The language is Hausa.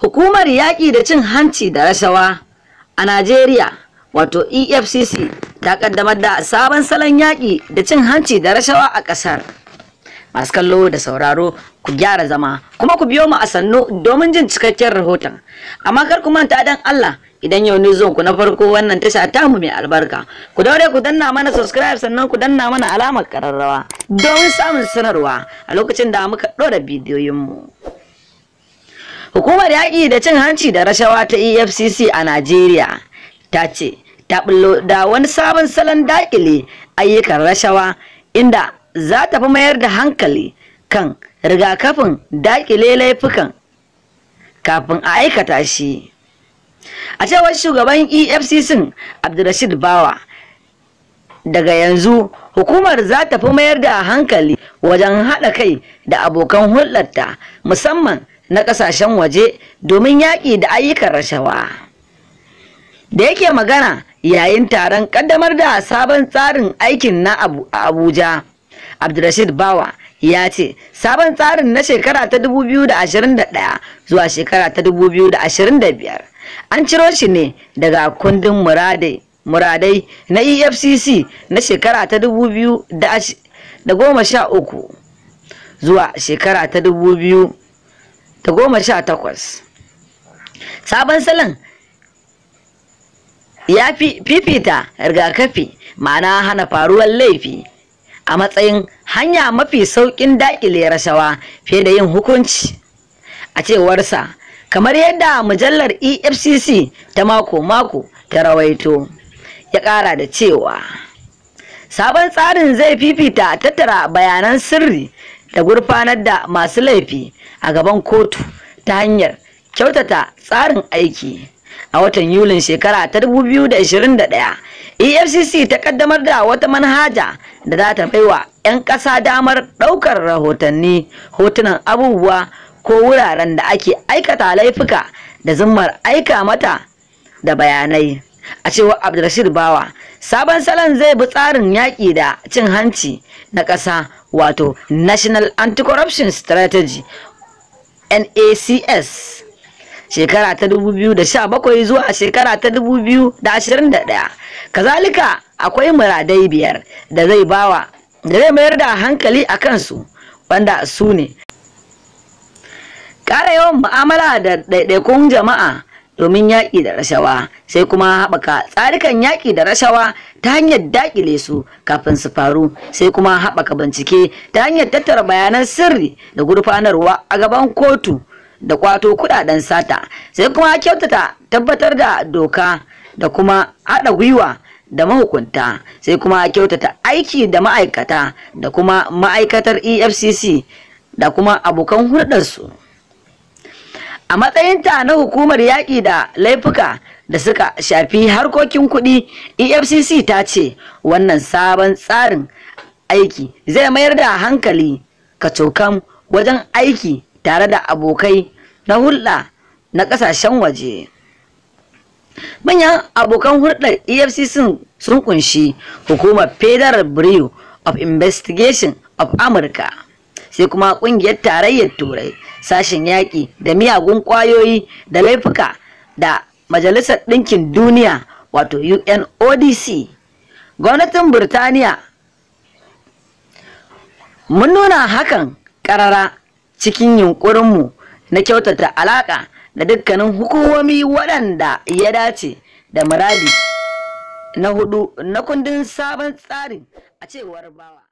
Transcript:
Hukumar yaƙi da cin hanci da rashawa a Najeriya wato EFCC ta kaddamar da sabon salon yaƙi da cin hanci da rashawa a ƙasar. Masu kallo da sauraro ku gyara zama kuma ku biyo mu a sannu domin jin cikakken rahoton. Amma kar ku manta dan Allah idan yau ne ku na farko wannan tasha ta mu mai albarka. Ku daure ku danna mana subscribe sannan ku danna mana alamar kararrawa domin samun sanarwa a lokacin da muka ɗora bidiyoyinmu. Hukumar yaƙi da cin hanci da rashawa ta EFCC a Najeriya ta ce ta bullo da wani sabon salon daƙile ayyukan rashawa inda za ta fi mayar da hankali kan rigakafin daƙile laifukan kafin a aikata shi. A cewar shugaban EFCC Abdulrashid Bawa daga yanzu hukumar za ta fi mayar da hankali wajen haɗa kai da abokan hulɗarta musamman na ƙasashen waje domin yaƙi da ayyukan rashawa da yake magana yayin taron ƙaddamar da sabon tsarin aikin na a abuja abdulrashid bawa ya ce sabon tsarin na shekara ta 2021 zuwa shekara ta 2025 an ciro shi ne daga kundin muradai na efcc na shekara ta 2013 zuwa shekara ta 2000. da goma sha takwas sabon salon ya fifita rigakafi ma'ana hana faruwar laifi a matsayin hanya mafi sauƙin daƙile rashawa fiye da yin hukunci a cewarsa kamar yadda mujallar efcc ta mako-mako ta rawaito ya ƙara da cewa sabon tsarin zai fifita tattara bayanan sirri da gurfanar da masu laifi a gaban kotu ta hanyar kyautata tsarin aiki a watan yulin shekara ta 2021 efcc ta kaddamar da wata manhaja da za ta baiwa 'yan ƙasa damar ɗaukar rahotanni hotunan abubuwa ko wuraren da ake aikata laifuka da zummar aika mata da bayanai a cewar abdulrashid bawa sabon salon zai bi tsarin yaƙi da cin hanci na ƙasa wato national anti-corruption strategy nacs shekara ta 2017 zuwa shekara ta 2021 kazalika akwai muradai biyar da zai bawa da zai mayar da hankali a kansu wanda su ne ƙara yawan mu'amala da ɗaiɗaikun jama'a domin yaƙi da rashawa sai kuma haɓaka tsarikan yaƙi da rashawa ta hanyar daƙile su kafin su faru sai kuma haɓaka bincike ta hanyar tattara bayanan sirri da gurfanarwa a gaban kotu da kwato kuɗaɗen sata sai kuma kyautata tabbatar da doka da kuma haɗa gwiwa da mahukunta sai kuma kyautata aiki da ma'aikata da kuma ma'aikatar efcc da kuma abokan hulɗarsu. a matsayinta na hukumar yaƙi da laifuka da suka shafi harkokin kuɗi efcc ta ce wannan sabon tsarin aiki zai mayar da hankali kacokan wajen aiki tare da abokai na hulɗa na ƙasashen waje manyan abokan hulɗar efcc sun kunshi hukumar federal bureau of investigation of america sai kuma ƙungiyar tarayyar turai sashen yaƙi da miyagun ƙwayoyi da laifuka da majalisar ɗinkin duniya wato unodc gwamnatin burtaniya mun nuna hakan ƙarara cikin yunƙurinmu na kyautata alaƙa da dukkanin hukumomi waɗanda ya dace da muradi na hudu na kundin sabon tsarin a cewar bawa